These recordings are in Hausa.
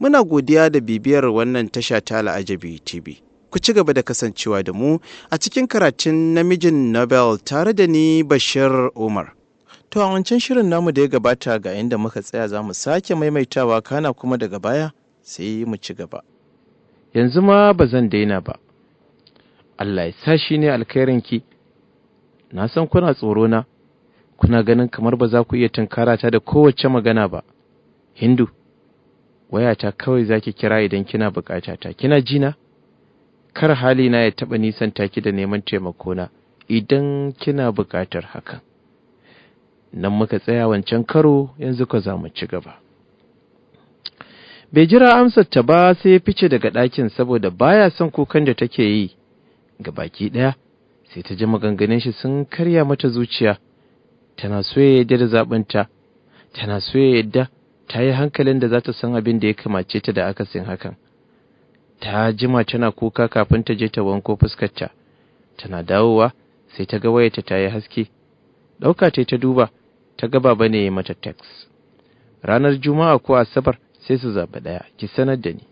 Muna godiya da bibiyar wannan tasha ta Al'ajabi TV. Ku ci gaba da kasancewa da mu a cikin karatun namijin Nobel tare da ni Bashir Umar. To a wancan shirin namu da ya gabata ga inda muka tsaya za mu sake maimaitawa kana kuma daga baya sai mu ci gaba. Yanzu ma ba zan daina ba. Allah ya sa shi ne alkhairinki. Na san kuna tsoro na, kuna ganin kamar ba za ku iya tunkara ta da kowace magana ba. Hindu. wayata kawai zaki kira idan kina bukata ta kina jina kar hali na ya taba nisan taki da neman taimako na idan kina bukatar hakan nan muka tsaya wancan karo yanzu ka za mu ci gaba bai jira amsar ta ba sai ya fice daga ɗakin saboda baya son kukan da take yi ga baki ɗaya sai ta ji maganganun shi sun karya mata zuciya tana so ya yadda da zaɓinta tana so ya yadda ta yi hankalin da za ta san abin da ya kamace ta da akasin hakan ta jima tana kuka kafin ta je ta wanko fuskarta tana dawowa sai ta ga wayarta ta yi haske ɗauka ta ta duba ta ga baba ne ya mata text ranar juma'a ko asabar sai su zaɓi ɗaya ki sanar da ni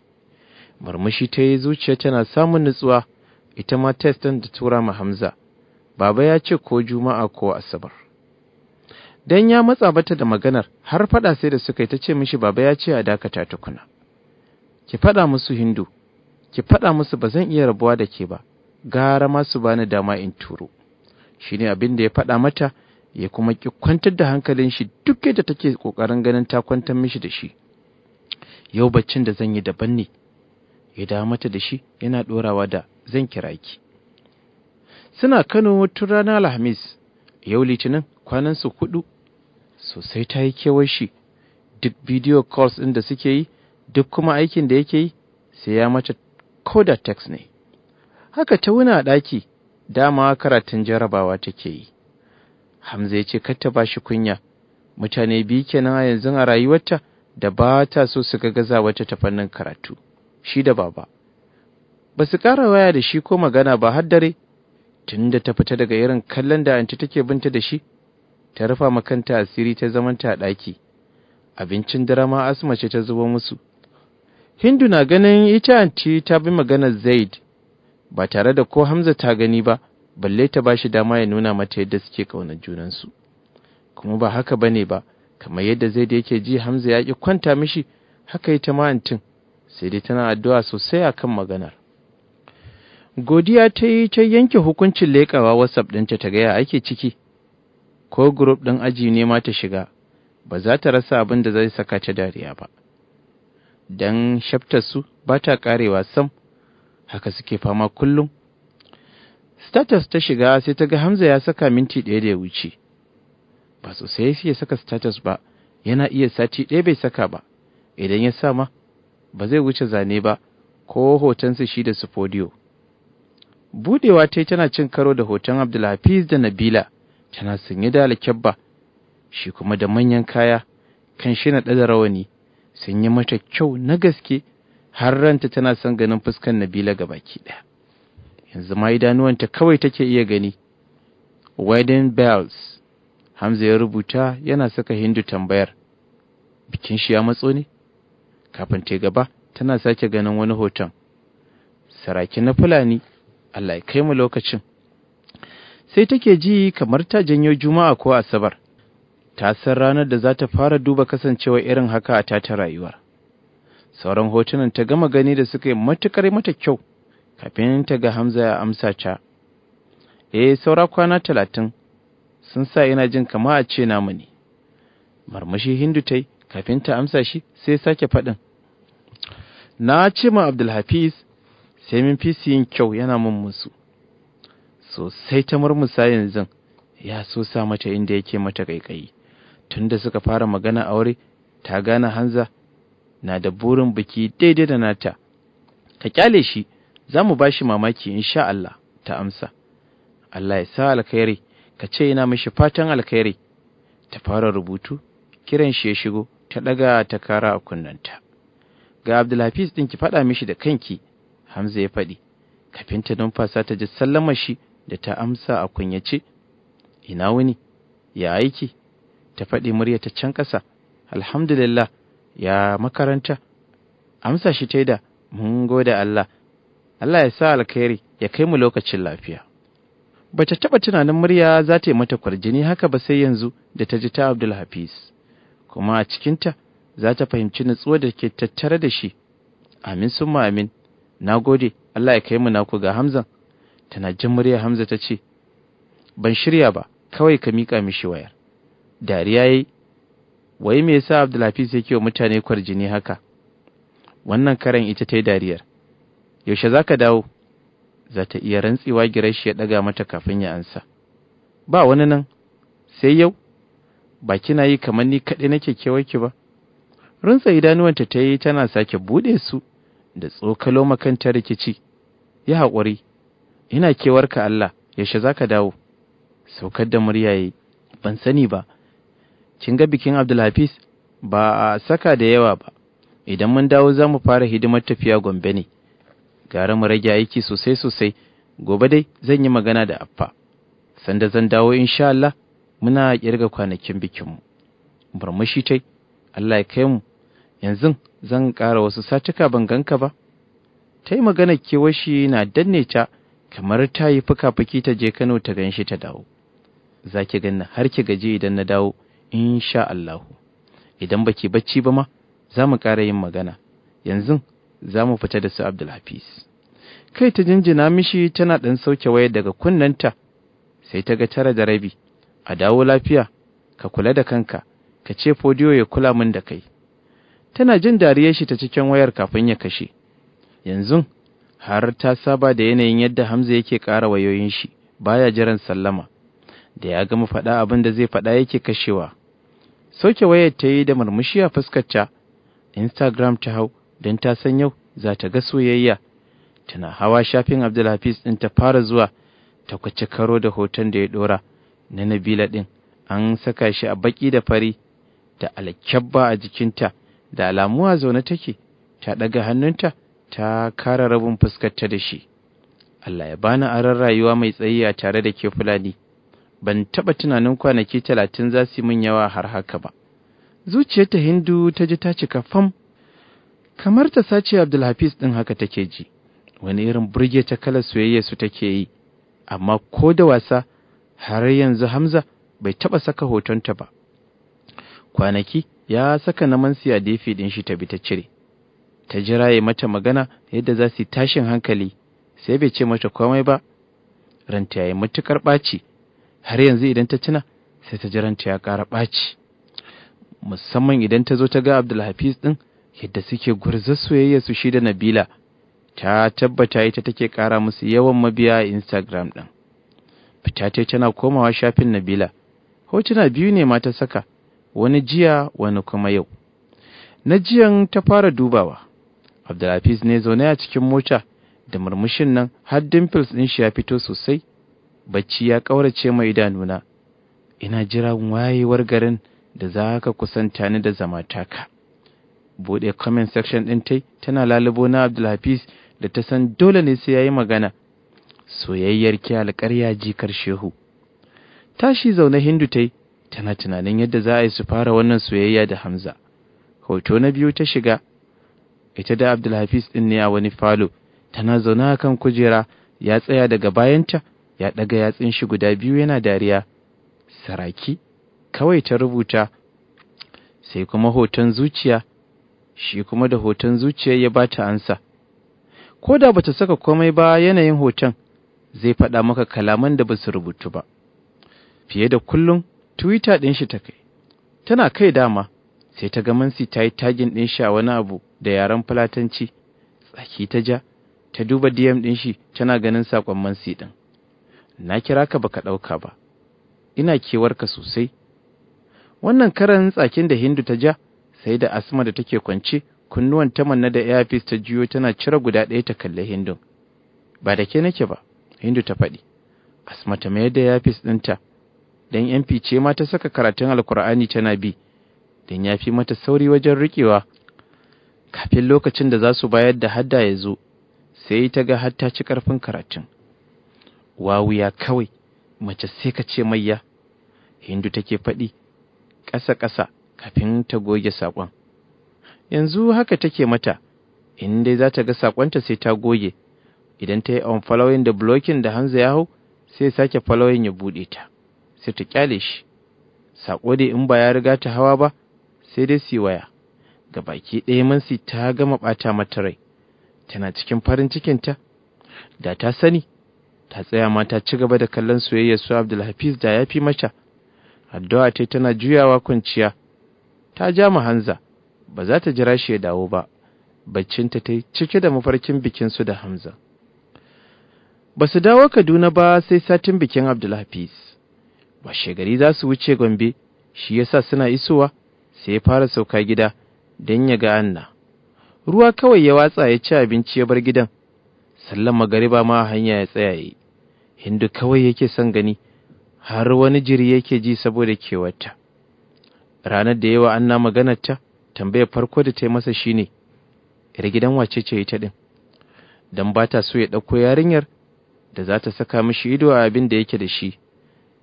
murmushi ta yi zuciya tana samun nutsuwa ita ma test ɗin da tura ma hamza baba ya ce ko juma'a ko asabar Dan ya matsa bata da maganar har faɗa sai da suka yi ta ce mishi baba ya ce a dakata tukuna. Ki faɗa musu Hindu, ki faɗa musu ba zan iya rabuwa da ke ba, gara ma su bani dama in turo. shine abin da ya faɗa mata ya kuma ki kwantar da hankalin shi duk yadda take ƙoƙarin ganin ta kwantar mishi da shi. Yau baccin da zan yi daban ne, ya da mata da shi yana ɗorawa da zan kira ki. Suna Kano tun ranar Alhamis, yau Litinin Kwanan su huɗu sosai ta yi kewar shi duk bidiyo calls ɗin da suke yi duk kuma aikin da yake yi sai ya mace koda text ne haka ta wuna ɗaki dama karatun jarabawa take yi hamza ya ce kar ta ba shi kunya mutane biyu kenan a yanzu a rayuwarta da ba ta so su ga gaza wata ta fannin karatu shi da baba ba su ƙara waya da shi ko magana ba har dare tun da ta fita daga irin kallon da anti take binta da shi ta rufa makanta asiri ta zamanta a ɗaki abincin dare ma asma ce ta zubo musu hindu na ganin ita anti ta bi maganar zaid ba tare da ko hamza ta gani ba balle ta ba shi dama ya nuna mata yadda suke ƙaunar junansu kuma ba haka ba ne ba kamar yadda zaid yake ji hamza ya ƙi kwanta mishi haka ita ma antin sai dai tana addu'a sosai a kan maganar godiya ta yi ta yanke hukuncin leƙawa whatsapp ɗinta ta gaya ake ciki ko grup ɗin aji ne ma ta shiga ba za ta rasa abin da zai saka ta dariya ba don su ba ta karewa sam haka suke fama kullum status ta shiga sai ta ga hamza ya saka minti ɗaya da ya wuce ba sosai ya saka status ba yana iya sati ɗaya bai saka ba idan ya sa ma ba zai wuce zane ba ko hotonsa shi da su fodiyo budewa ta tana cin karo da hoton abdulhafiz da nabila tana sanye da alkyabba shi kuma da manyan kaya kan shi na ɗaga rawani sun yi mata kyau na gaske har ranta tana son ganin fuskan Nabila ga baki ɗaya yanzu ma idanuwanta kawai take iya gani wedding bells Hamza ya rubuta yana saka Hindu tambayar bikin shi ya matso ne kafin ta gaba tana sake ganin wani hoton saraki na Fulani Allah ya kai mu lokacin sai take ji kamar ta janyo juma'a ko asabar ta san ranar da za ta fara duba kasancewa irin haka a tata rayuwar sauran hotunan ta gama gani da suka yi matukar mata kyau kafin ta ga hamza ya amsa ta eh saura kwana talatin sun sa yana jin kama a ce namu ne marmashi hindu ta yi kafin ta amsa shi sai sake faɗin na ce ma abdulhafiz sai min fi yin kyau yana mun musu sosai ta murmusa yanzu ya so sa mata inda yake mata kaikayi tunda suka fara magana aure ta gane hanza na da burin biki daidai da nata ka kyale shi za mu bashi mamaki insha Allah ta amsa Allah ya sa alkhairi ka ce ina mishi fatan alkhairi ta fara rubutu kiran shi ya shigo ta daga ta kara a kunnanta ga Abdulhafiz din ki faɗa mishi da kanki Hamza ya faɗi kafin ta numfasa ta ji sallamar shi da ta amsa a kunyace ina wuni ya aiki ta faɗi murya ta can ƙasa alhamdulillah ya makaranta amsa shi ta da mun gode Allah Allah ya sa alkhairi ya kai mu lokacin lafiya Ba ta taɓa tunanin murya za ta yi mata kwarjini haka ba sai yanzu da ta ji ta Abdul Hafiz kuma a cikinta za ta fahimci nutsuwa da ke tattare da shi amin sun amin na gode Allah ya kai mu naku ga Hamzan tana jin murya hamza ta ce ban shirya ba kawai ka miƙa mishi wayar dariya yayi wai me yasa abdulhafiz yake wa mutane kwarjini haka wannan karen ita ta yi dariyar yaushe za ka dawo za ta iya rantsewa shi ya ɗaga mata kafin ya ansa ba wani nan sai yau ba kina yi kamar ni kaɗai nake ki ba runtsa idanuwanta ta yi tana sake buɗe su da tsokalo makanta rikici Yi haƙuri ina kewar ka Allah yaushe zaka dawo saukar da murya yi ban sani ba kin ga bikin Abdulhafiz ba a saka da yawa ba idan mun dawo za mu fara hidimar tafiya Gombe ne gara mu rage aiki sosai sosai gobe dai zan yi magana da affa sanda zan dawo insha Allah muna kirga kwanakin bikinmu murmushi tai Allah ya kai mu yanzu zan ƙara wasu satuka ban ganka ba ta yi magana na danne ta kamar ta yi fuka-fuki ta je Kano ta ganshi ta dawo za ki ganna har ki gaje idan na dawo insha Allahu, idan baki bacci ba ma za mu ƙara yin magana yanzu za mu fita da su Abdulhafiz kai ta jinjina mishi tana ɗan sauke wayar daga kunnanta sai ta ga tara da rabi a dawo lafiya ka kula da kanka ka ce fodiyo ya kula min da kai tana jin dariyar shi ta cikin wayar kafin ya kashe yanzu har ta saba da yanayin yadda Hamza yake ƙara wayoyin shi baya jiran sallama da ya gama faɗa abin da zai faɗa yake kashewa soke wayar ta yi da murmushi a fuskarta Instagram ta hau don ta san yau za ta ga soyayya tana hawa shafin Abdulhafiz ɗin ta fara zuwa ta kwace karo da hoton da ya ɗora na Nabila ɗin an saka shi a baki da fari da alkyabba a jikinta da alamuwa a zaune take ta ɗaga hannunta ta kara rabin fuskarta da shi Allah ya bani aran rayuwa mai tsayi a tare da ke fulani ban taɓa tunanin kwanaki talatin za su min yawa har haka ba zuciyarta hindu ta ji ta cika fam kamar ta sace abdulhafiz ɗin haka take ji wani irin burge ta kalar soyayya su take yi amma ko da wasa har yanzu hamza bai taɓa saka hotonta ba kwanaki ya saka na mansiya defi ɗin shi ta bi ta cire ta jira ya mata magana yadda za su yi tashin hankali sai bai ce mata komai ba ranta ya yi matuƙar ɓaci har yanzu idan ta tuna sai ta ji ranta ya ƙara ɓaci musamman idan ta zo ta ga abdulhafiz ɗin yadda suke gurza soyayya su shi da nabila ta tabbata ita take ƙara musu yawan mabiya a instagram ɗin fita ta tana komawa shafin nabila hotuna biyu ne ma ta saka wani jiya wani kuma yau na jiyan ta fara dubawa abdulhafiz ne zaune a cikin mota da murmushin nan har dimples ɗin shi ya fito sosai bacci ya ƙaurace mai idanuna ina jiran wayewar garin da za ka kusanta ni da zamataka buɗe comment section ɗin tai tana lalubo na abdulhafiz da ta san dole ne sai ya yi magana soyayyar ki alƙarya jikar shehu tashi zaune hindu tai tana tunanin yadda za a yi su fara wannan soyayya da hamza hoto na biyu ta shiga ita da abdulhafiz din ne a wani falo tana zauna a kan kujera ya tsaya daga bayanta ya ɗaga yatsun shi guda biyu yana dariya saraki kawai ta rubuta sai kuma hoton zuciya shi kuma da hoton zuciya ya ba ta ansa ko da bata saka komai ba yanayin hoton zai faɗa maka kalaman da basu rubutu ba fiye da kullum twitter ɗin shi ta kai tana kai dama sai ta ga mansi ta yi tagin ɗin sha wani abu da yaren fulatanci tsaki ta ja ta duba dm ɗin shi tana ganin saƙon mansi ɗin na kira ka baka ɗauka ba ina kewarka sosai wannan karan tsakin da hindu ta ja sai da asma da take kwance kunnuwan ta manna da airpiece ta juyo tana cire guda ɗaya ta kalli hindu ba da ke nake ba hindu ta faɗi asma ta mayar da airpiece ɗinta don yan fice ma ta saka karatun alkur'ani tana bi don ya fi mata sauri wajen riƙewa kafin lokacin da za su bayar da hadda ya zo sai ta ga har ta ci ƙarfin karatun wuya kawai mace sai ka ce ya? hindu take faɗi ƙasa-ƙasa kafin ta goge saƙon yanzu haka take mata in dai za ta ga saƙonta sai ta goge idan ta yi unfollowing da blocking da hanzu ya hau sai sake following ya buɗe ta sai ta kyale shi saƙo dai in ba ya riga ta hawa ba sai dai su waya ga baki ɗaya mansi ta gama ɓata mata rai tana cikin farin cikinta da ta sani ta tsaya ma ta ci gaba da kallon soyayya su abdulhafiz da ya fi mata addu'a ta tana juyawa kwanciya ta ja mu hanza ba za ta jira shi ya dawo ba baccinta ta cike da mafarkin bikin su da hamza ba su dawo kaduna ba sai satin bikin abdulhafiz ba shegari za su wuce gombe shi yasa suna isowa sai ya fara sauka gida don ya ga Anna. Ruwa kawai ya watsa ya ci abinci ya bar gidan, sallan magariba ma hanya ya tsayaye. hindu kawai yake son gani, har wani jiri yake ji saboda kewarta. Ranar da yawa Anna maganarta, tambayar farko da ta yi masa shine, ‘yar gidan wace ce ita ɗin?’ don ba ta so ya ɗauko yarinyar da za ta saka mashi ido a abin da yake da shi,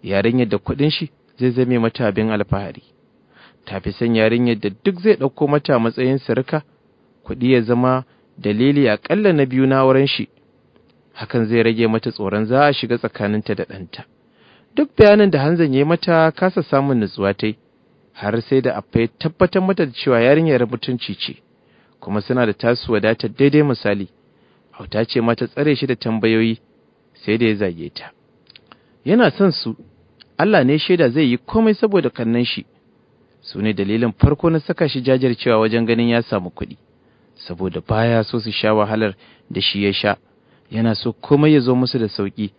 yarinyar da kuɗin shi zai zame mata abin alfahari. tafi son yarinyar da duk zai ɗauko mata matsayin sirika kuɗi ya zama dalili aƙalla na biyu na auren shi hakan zai rage mata tsoron za a shiga tsakaninta da ɗanta duk bayanin da hanzan ya mata kasa samun nutsuwa ta har sai da affa ya tabbatar mata da cewa yarinyar mutunci ce kuma suna da tasu wadatar daidai misali hauta ce mata tsare shi da tambayoyi sai da ya zage ta yana son su Allah ne shaida zai yi komai saboda kannan shi su ne dalilin farko na saka shi jajircewa wajen ganin ya samu kuɗi saboda baya so su sha wahalar da shi ya sha yana so komai ya zo musu da sauƙi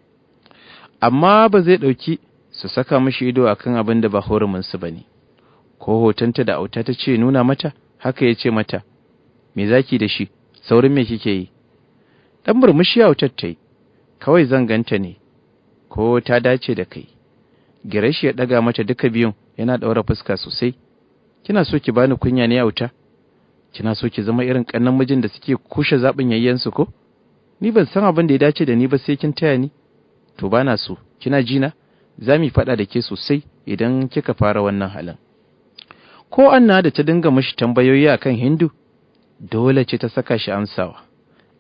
amma ba zai ɗauki su saka mashi ido akan abin da ba su ba ne ko hotonta da auta ta ce nuna mata haka ya ce mata me zaki da shi saurin me kike yi ɗan murmushi autar ta yi kawai zan ganta ne ko ta dace da kai Gireshi ya ɗaga mata duka biyun yana ɗaura fuska sosai kina so ki bani kunya ne a wuta kina so ki zama irin kannan mijin da suke kushe zaɓin yayyansu ko ni ban san abin da ya dace da ni ba sai kin taya ni to bana so kina jina za mu faɗa da ke sosai idan kika fara wannan halin ko anna da ta dinga mishi tambayoyi akan hindu dole ce ta saka shi amsawa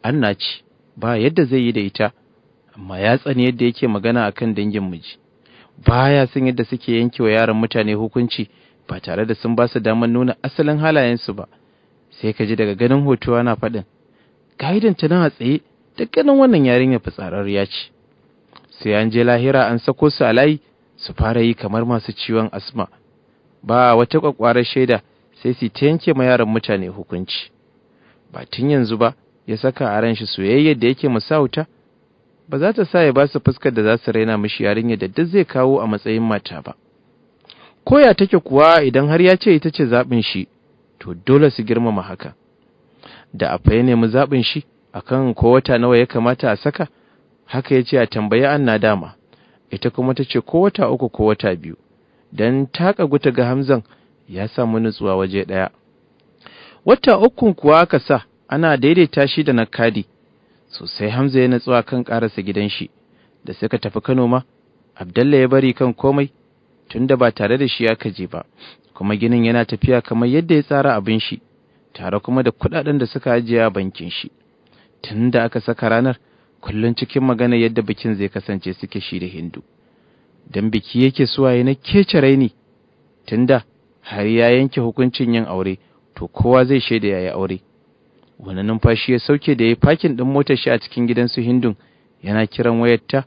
anna ce ba yadda zai yi da ita amma ya tsani yadda yake magana akan dangin miji baya son yadda suke yanke wa yaran mutane hukunci ba tare da sun ba su damar nuna asalin halayensu ba sai ka ji daga ganin hoto ana faɗin ga'idan ta nan a tsaye ganin wannan yarinya fitsararriya ce sai an je lahira an sako su a layi su fara yi kamar masu ciwon asma ba wata kwakwarar shaida sai su ta yanke ma yaran mutane hukunci ba tun yanzu ba ya saka a ran shi soyayyar da yake musauta ba za ta sa ya ba su fuskar da za su raina mishi yarinya da duk zai kawo a matsayin mata ba koya take kuwa idan har ya ce ita ce zaɓin shi to dole su girmama haka da a ya nemi zaɓin shi akan ko wata nawa ya kamata a saka haka ya ce a tambayi na dama ita kuma ta ce ko wata uku ko wata biyu don taka guta ga hamzan ya samu nutsuwa waje ɗaya wata ukun kuwa aka sa ana daidaita shi da na kadi sosai hamza ya natsuwa kan karasa gidan shi da suka tafi kano ma abdalla ya bari kan komai tunda ba tare da shi aka je ba kuma ginin yana tafiya kamar yadda ya tsara abin shi tare kuma da kuɗaɗen da suka ajiye a bankin shi tunda aka saka ranar kullum cikin magana yadda bikin zai kasance suke shi da hindu don biki yake suwaye na kece raini tunda har ya yanke hukuncin yin aure to kowa zai shaida ya yi aure wani numfashi ya sauke da ya fakin ɗin motar shi a cikin gidansu su hindun yana kiran wayarta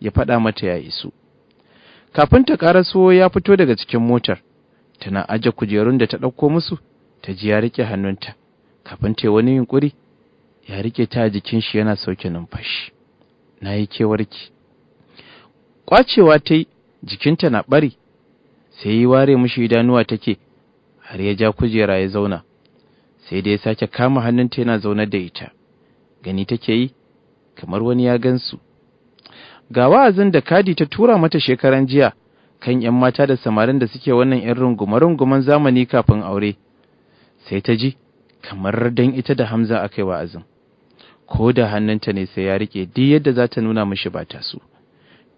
ya faɗa mata ya isu kafin ta karaso ya fito daga cikin motar tana aje kujerun da ta ɗauko musu ta ji ya riƙe hannunta kafin ta wani yunƙuri, ya riƙe ta jikin shi yana sauke numfashi na yi kewarki Ƙwacewa ta yi jikinta na ɓari sai yi ware mishi idanuwa take har ya ja kujera ya zauna sai da ya sake kama hannunta yana zaune da ita gani take yi kamar wani ya gansu ga wa'azin da kadi ta tura mata shekaran jiya kan 'yan mata da samarin da suke wannan 'yan rungume-rungumen zamani kafin aure sai ta ji kamar dan ita da hamza aka yi wa'azin ko da hannunta ne sai ya rike duk yadda za ta nuna mishi ba ta su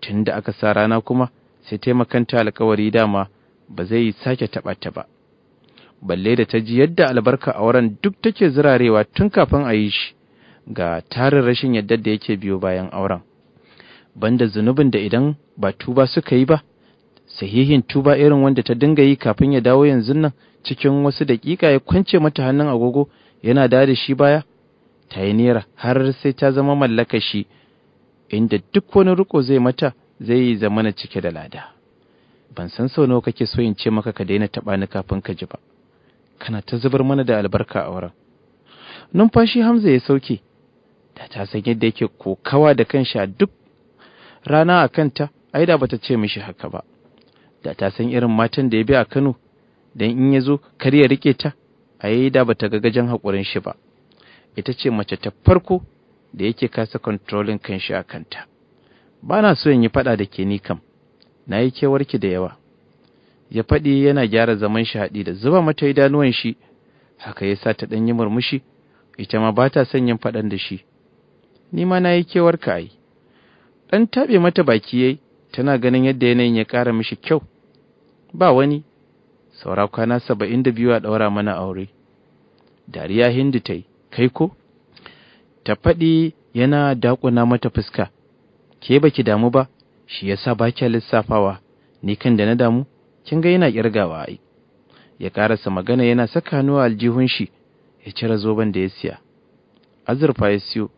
tun da aka sa rana kuma sai taimakanta alkawari dama ba zai sake taɓa ta ba balle da ta ji yadda albarka auren duk take zirarewa tun kafin a yi shi ga tarin rashin yadda da yake biyo bayan auren banda zunubin da idan ba tuba suka yi ba sahihin tuba irin wanda ta dinga yi kafin ya dawo yanzu nan cikin wasu daƙiƙa ya kwance mata hannun agogo yana da da shi baya ta yi nera har sai ta zama mallaka shi inda duk wani riko zai mata zai yi zamana cike da lada ban san sau nawa kake so in ce maka ka daina taɓa ni kafin ka ji ba kana ta zubar mana da albarka a wurin numfashi hamza ya sauke da ta san yadda yake kokawa da kanshi a duk rana a kanta ai da bata ce mishi haka ba da ta san irin matan da ya bi a Kano dan in ya zo kar ya rike ta ai da bata ga gajen hakurin shi ba ita ce mace ta farko da yake kasa controlling kanshi a kanta ba na so in yi faɗa da ke ni kam na yi kewarki da yawa ya faɗi yana gyara zaman shi haɗi da zuba mata idanuwan shi haka ya sa ta ɗanyi murmushi ita ma ba ta son yin faɗan da shi ni ma na yi kewar ka ai ɗan taɓe mata baki yayi tana ganin yadda yanayin ya ƙara mishi kyau ba wani saura kwana saba'in da biyu a ɗaura mana aure dariya hindu ta yi kai ko ta faɗi yana daƙuna mata fuska ke baki damu ba shi yasa ba kya lissafawa ni kan da na damu kin ga yana kirgawa ai ya karasa magana yana saka hannu aljihun shi ya cire zoben da ya siya azurfa ya siyo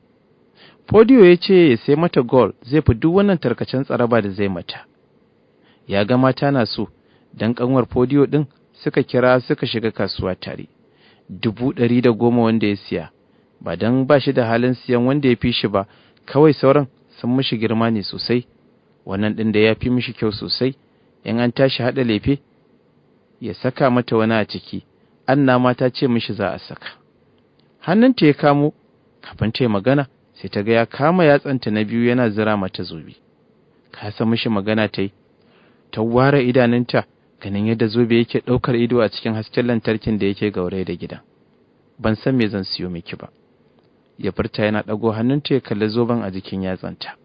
podio ya ce ya sai mata gol zai fi duk wannan tarkacen tsaraba da zai mata ya ga mata na so dan kanwar podio din suka kira suka shiga kasuwa tare dubu ɗari da goma wanda ya siya ba dan ba shi da halin siyan wanda ya fi shi ba kawai sauran sun mishi girma ne sosai wannan ɗin da ya fi mishi kyau sosai in an tashi haɗa lefe ya saka mata wani a ciki anna ma ta ce mishi za a saka hannunta ya kamo kafin ta yi magana sai ta ga ya kama yatsanta na biyu yana zira mata zobe ka san mishi magana ta yi ta ware idanunta ganin yadda zobe yake ɗaukar ido a cikin hasken lantarkin da yake gaurai da gidan ban san me zan siyo miki ba ya furta yana ɗago hannunta ya kalli zoben a jikin yatsanta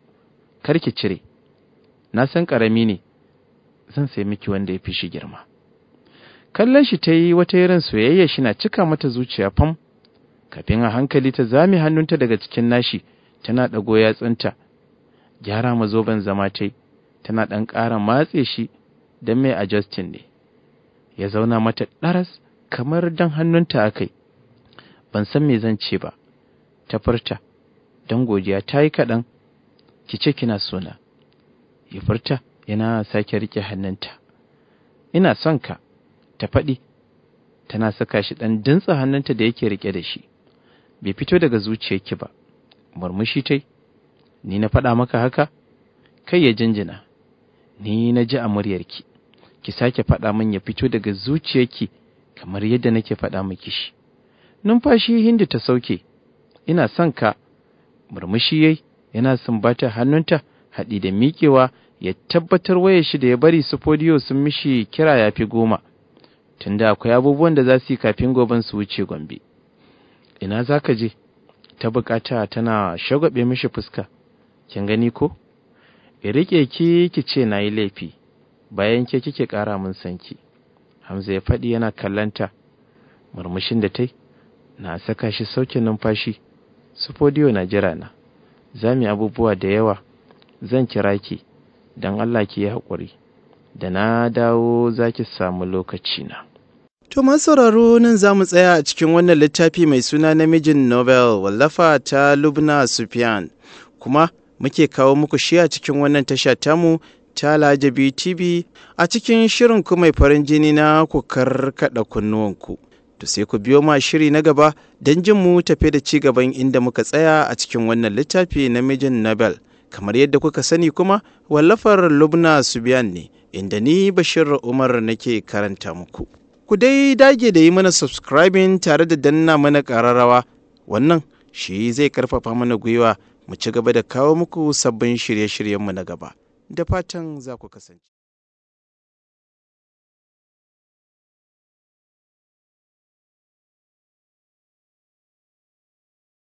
kar ki cire na san ƙarami ne zan sai miki wanda ya fi shi girma kallon shi ta yi wata irin soyayya shi na cika mata zuciya fam kafin a hankali ta zame hannunta daga cikin nashi tana ɗago yatsunta gyara mazoban zama ta yi tana ɗan ƙara matse shi don mai a justin ne ya zauna mata ɗaras kamar don hannunta yi. ban san me zan ce ba ta furta don godiya ta yi kaɗan ki ce kina suna ya furta yana sake riƙe hannunta ina son ka ta faɗi tana saka shi ɗan dintsa hannunta da yake riƙe da shi bai fito daga zuciyarki ba murmushi tai ni na faɗa maka haka kai ya jinjina ni na ji a muryarki ki sake faɗa min ya fito daga zuciyarki kamar yadda nake faɗa miki shi numfashi hindu ta sauke ina son ka murmushi yai yana sumbata hannunta haɗi da miƙewa ya tabbatar wayar shi da ya bari su fodiyo sun mishi kira ya fi goma tunda akwai abubuwan da za su yi kafin goben su wuce gombe ina za ka je ta bukata tana shagwabe mishi fuska kin gani ko ya rike ki ki ce na yi laifi bayan ke kike kara mun sanki hamza ya faɗi yana kallanta murmushin da tai na saka shi saukin numfashi su fodiyo na jira na za mu yi abubuwa da yawa zan kira ki don Allah ki yi haƙuri da na dawo za ki samu lokaci na. To sauraro nan za mu tsaya a cikin wannan littafi mai suna namijin Nobel wallafa ta Lubna Sufyan kuma muke kawo muku shi a cikin wannan tasha tamu ta Lajabi TV a cikin shirin ku mai farin jini na ku karkada kunnuwanku. To sai ku biyo ma shiri na gaba don jin mu tafe da ci gaban inda muka tsaya a cikin wannan littafi namijin Nobel. kamar yadda kuka sani kuma wallafar lubna subiyan ne inda ni bashir umar nake karanta muku ku dai dage da yi mana subscribing tare da danna mana kararrawa wannan shi zai karfafa mana gwiwa mu ci gaba da kawo muku sabbin shirye-shiryenmu na gaba da fatan za ku kasance